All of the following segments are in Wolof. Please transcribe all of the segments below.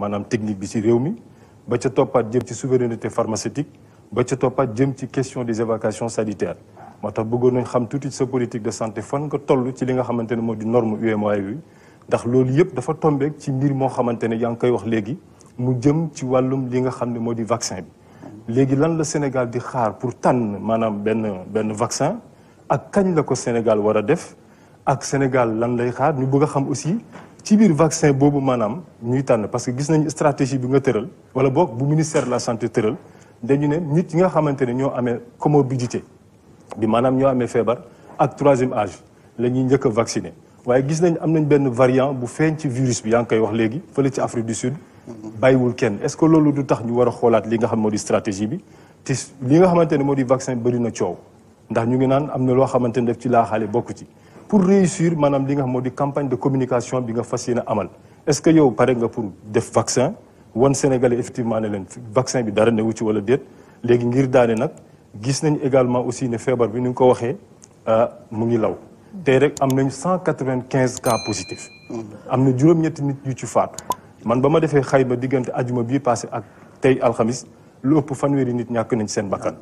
maanaam technique bi ci réew mi ba ca toppaat jëm ci souveraineté pharmaceutique ba ca toppaat jëm ci question des évacuations sanitaires moo tax bëggoon nañ xam tuuti sa politique de santé fan nga tollu ci li nga xamante ne moo di norme UMOA bi ndax loolu yëpp dafa tombeek ci mbir moo xamante ne yaa ngi koy wax léegi mu jëm ci wàllum li nga xam ne moo di vaccin bi léegi lan la Sénégal di xaar pour tànn maanaam benn benn vaccin ak kañ la ko Sénégal war a def ak Sénégal lan lay xaar ñu bëgg a xam aussi ci biir vaccin boobu maanaam ñuy tànn parce que gis nañu stratégie bi nga tëral wala boog bu ministère de la santé tëral dañu ne nit yi nga xamante ne ñoo amee comorbidité bi maanaam ñoo amee feebar ak troisième âge la ñuy njëkk vaccine waaye gis nañ am nañ benn variant bu feeñ ci virus bi yaa ngi koy wax léegi fële ci Afrique du Sud bàyyiwul kenn est-ce que loolu du tax ñu war a xoolaat li nga xam moo di stratégie bi te li nga xamante ne moo di vaccin bëri na coow ndax ñu ngi naan am na loo xamante ne def ci laa xaale bokku ci pour réussir maanaam li nga xam moo di campagne de communication bi nga fas yéene amal est-ce que yow pare nga pour def vaccin wan Sénégalais effectivement ne leen vaccin bi dara newu ci wala déet léegi ngir daane nag gis nañu également aussi ne feebar bi nu nga ko waxee euh, mu ngi law tey rek am nañ cent quatre-vingt-quinze cas positifs am na juróom-ñetti nit yu ci faatu man ba ma defee xay xayma diggante ajuma bii passé ak tey alxamis lu ëpp fanweeri nit ñàkk nañ seen bakkan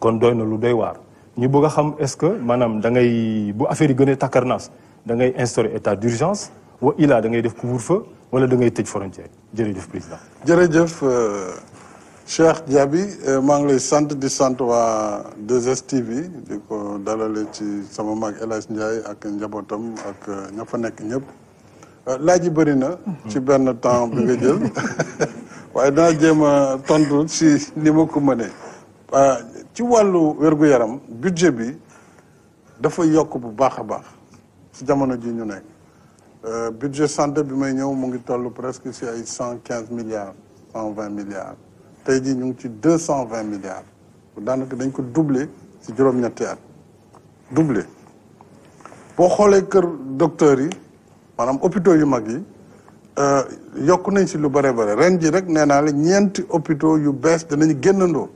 kon doy na lu doy waar ñu bëgg a xam est-ce que maanaam dangay ngay bu affaire yi gënee takkarnaas da ngay instaurer état d'urgence wa ilaa da ngay def couvre-feu wala da ngay tëj frontière jërëjëf président. jërëjëf euh, Cheikh Diaby euh, maa ngi lay sant di sant waa 2STV di ko dalale ci sama mag El Hadj ak njabootam ak euh, ña fa nekk ñëpp. laaj yi bëri na. ci benn temps bi nga jël waaye dinaa jéem a tontu si ni ma ko ci wàllu wér yaram budget bi dafa yokk bu baax a baax ci jamono ji ñu nekk euh, budget santé bi may ñëw mu ngi toll presque si ay cent quinze milliards cent vingt milliards tey jii ñu ngi ci deux cent vingt milliards daanaka dañ ko doubler si juróom-ñetti at double boo xoolee kër docteur yi maanaam hôpitaux yu mag yi euh, yokk nañ si lu bare bare ren ji rek nee naa la ñeenti hôpitaux yu bees danañ génnandoo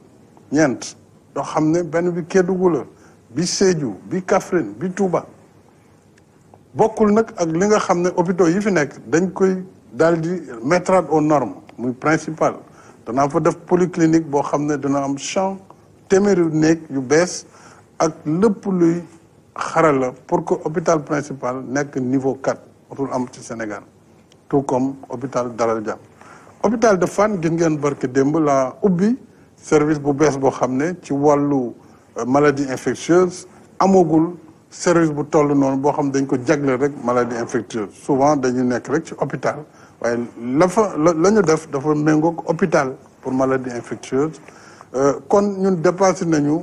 ñeent yoo xam ne benn bi Kédougou la bi Sédhiou bi Kaffrine bi tuuba bokkul nag ak li nga xam ne hôpitaux yi fi nekk dañ koy daal di mettre aux normes muy principal danaa fa def polyclinique boo xam ne dana am champ téeméeri néeg yu bees ak lépp luy xarala pour que hôpital principal nekk niveau 4 watul am ci Sénégal tout comme hôpital Dalal Jàmm hôpital de Fann gis ngeen barke démb la ubbi service bu bees boo xam ne ci wàllu euh, maladie infectieuse amagul service bu toll noonu boo xam dañ ko jagleel rek maladie infectieuse souvent dañu nekk rek ci hôpital waaye la fa la ñu def dafa méngoog hôpital pour maladie infectieuse euh, kon ñun dépassé nañu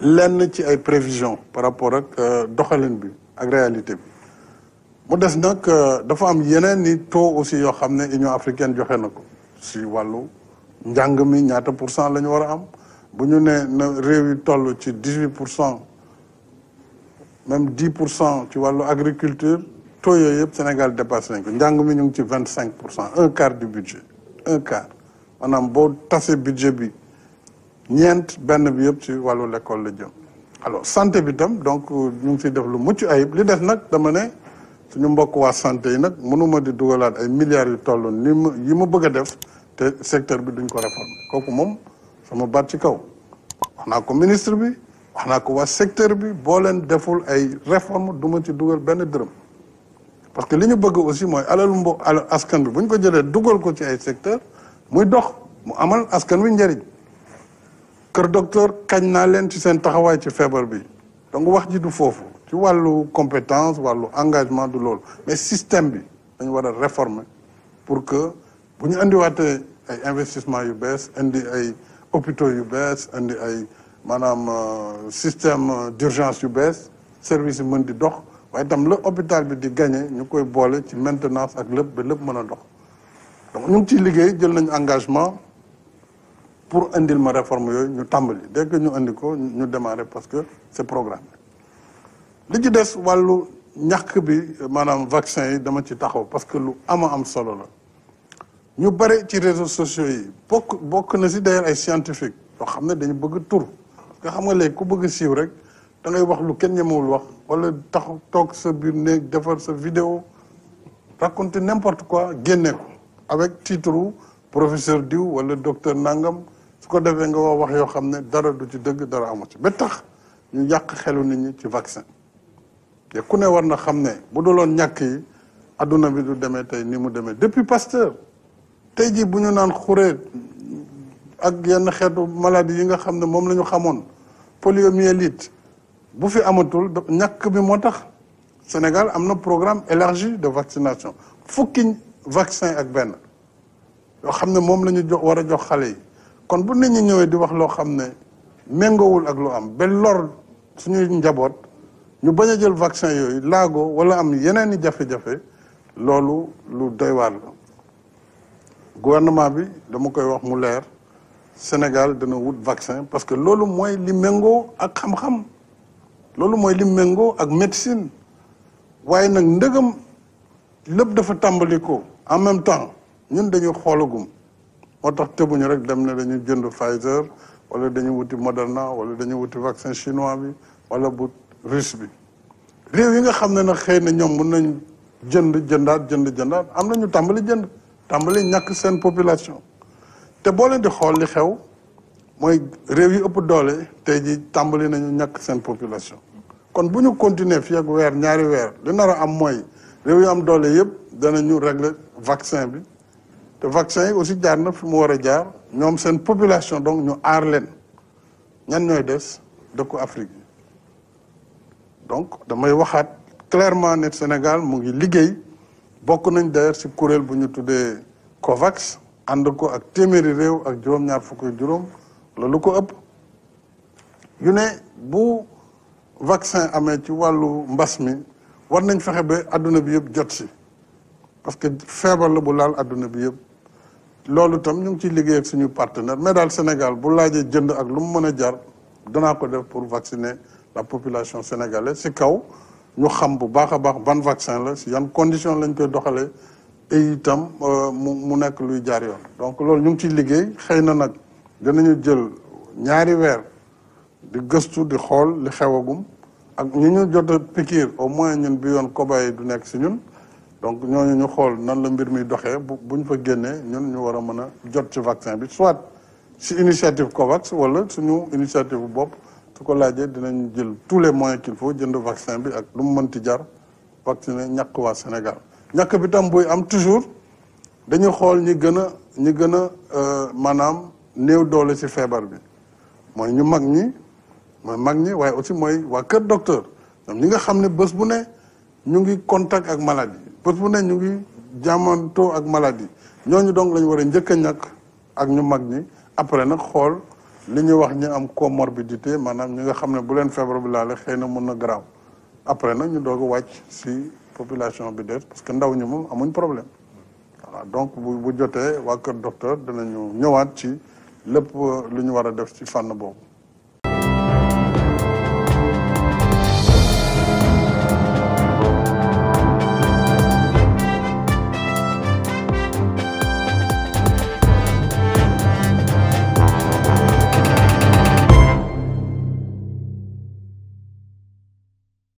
lenn ci ay prévisions par rapport ak euh, doxalin bi ak réalité bi mu des nag dafa am yeneen i taux aussi yoo xam ne Union africaine joxe na ko si wàllu njàng mi ñaata pour cent la ñu war a am bu ñu nee na réew yi toll ci dix huit pour cent même dix pour cent ci wàllu agriculture taux yëpp Sénégal dépassé nañ ko njàng mi ñu ngi ci vingt cinq pour cent un quart du budget un quart maanaam boo tasee budget bi ñeent benn bi yëpp ci wàllu lekkool la jëm alors santé bi tam donc ñu ngi siy def lu mucc ayib li des nag dama ne suñu mbokk waa santé yi nag mënuma di dugalaat ay milliards yu toll ni mu yi ma bëgg a def secteur bi duñ ko réformer kooku moom sama baat ci kaw wax naa ko ministre bi wax naa ko waa secteur bi boo leen deful ay réforme du ma ci dugal benn dërëm parce que li ñu bëgg aussi mooy alalu mbo alal askan bi bu ñu ko jëlee dugal ko ci ay secteur muy dox mu amal askan wi njëriñ kër docteur kañ naa leen ci seen taxawaay ci feebar bi donc wax ji du foofu ci wàllu compétence wàllu engagement du loolu mais système bi dañu war a réformer pour que bu ñu andiwaatee ay investissement yu bees indi ay hôpitaux yu bees indi ay maanaam euh, système euh, d'urgence yu bees service yu mën di dox waaye itam la hôpital bi di gagné ñu koy boole ci maintenance ak lépp ba lépp mën a dox donc ñu ngi ciy liggéey jël nañu engagement pour indil ma réforme yooyu ñu tàmbali dès que ñu indi ko ñu démarrer parce que c'est programme li ci des wàllu ñàkk bi maanaam vaccin yi dama ci taxaw parce que lu am a am solo la ñu bare ci réseaux sociaux yi bokk bokk na si d'ailleurs ay scientifique yoo xam ne dañu bëgg tur nga xam nga léegi ku bëgg siiw rek da ngay wax lu kenn ñemewul wax wala tax toog sa biir néeg defar sa vidéo raconter n'importe quoi génne ko avec titre professeur diw wala docteur nangam su ko defee nga wax wax yoo xam ne dara du ci dëgg dara amu ci ba tax ñu yàq xelu nit ñi ci vaccin te ku ne war na xam ne bu duloon ñàkk yi adduna bi du demee tey ni mu demee depuis Pasteur tey jii bu ñu naan xuree ak yenn xeetu maladie yi nga xam ne moom la ñu xamoon poliomyélite bu fi amatul ñàkk bi moo tax Sénégal am na programme élargi de vaccination fukki vaccin ak benn yoo xam ne moom la ñu jox war a jox xale yi kon bu nit ñi ñëwee di wax loo xam ne méngoowul ak lu am benn lor suñuy njaboot ñu bañ a jël vaccin yooyu laago wala am yeneen i jafe-jafe loolu lu doy waar la gouvernement bi dama koy wax mu leer Sénégal dana wut vaccin parce que loolu mooy li méngoo ak xam-xam loolu mooy li méngoo ak médecine waaye nag ndëgam lépp dafa tàmbali ko en même temps ñun dañu xoolagum moo tax tëbuñu rek dem ne dañu jënd Pfizer wala dañu wuti Moderna wala dañu wuti vaccin chinois bi wala bu russe bi réew yi nga xam ne nag xëy na ñoom mun nañu jënd jëndaat jënd jëndaat am na ñu tàmbali jënd. tàmbali ñàkk seen population te boo leen di xool li xew mooy réew yi ëpp doole tey ji tàmbali nañu ñàkk seen population kon bu ñu continuer fii ak weer ñaari weer li nar a am mooy réew yi am doole yëpp danañu régler vaccin bi te vaccin yi aussi jaar na fi mu war a jaar ñoom seen population donc ñu aar leen ñan ñooy des dëkku Afrique yi donc damay waxaat clairement ne Sénégal mu ngi liggéey bokk nañ d'ailleurs si kuréel bu ñu tuddee COVAX ànd ko ak téeméeri réew ak juróom-ñaar fukk ak juróom loolu ko ëpp yu ne bu vaccin amee ci wàllu mbas mi war nañ fexe ba àdduna bi yëpp jot si parce que feebar la bu laal àdduna bi yëpp loolu tam ñu ngi ciy liggéey ak suñu partenaire mais daal Sénégal bu laajee jënd ak lu mu mën a jar danaa ko def pour vacciner la population sénégalaise si kaw ñu xam bu baax a baax ban vaccin la si yan condition lañ koy doxalee et itam euh, mu mu nekk luy jaar yoon donc loolu ñu ngi ciy liggéey xëy na nag dinañu jël ñaari weer di gëstu di xool li xewagum ak ñi ñu jot a pikiir au moins ñun bi yoon cobaye du nekk si ñun donc ñooñu ñu xool nan la mbir mi doxee bu buñ fa génnee ñun ñu war a mën a jot ci vaccin bi soit si initiative COVAX wala suñu initiative bu bopp su ko laajee dinañ jël tous les moyens qu'il faut jënd vaccin bi ak lu mu mënti jar vacciner ñàkk waa Sénégal ñàkk bi tam buy am toujours dañu xool ñi gën a ñi gën a euh, maanaam néew doole ci feebar bi mooy ñu mag ñi mooy mag ñi waaye aussi mooy waa kër docteur ñoom ñi nga xam ne bës bu ne ñu ngi contact ak maladie bés bu ne ñu ngi jàmmantoo ak maladie ñooñu donc la ñu war a njëkk a ñàkk ak ñu mag ñi après nag xool li ñuy wax ñu am comorbidité maanaam ñi nga xam ne bu leen feebar bi laale xëy na mun na graaw après nag ñu doog a wàcc si population bi def parce que ndaw ñi moom amuñ problème voilà donc bu bu jotee waa kër docteur danañu ñëwaat ci lépp lu ñu war a def ci fànn boobu.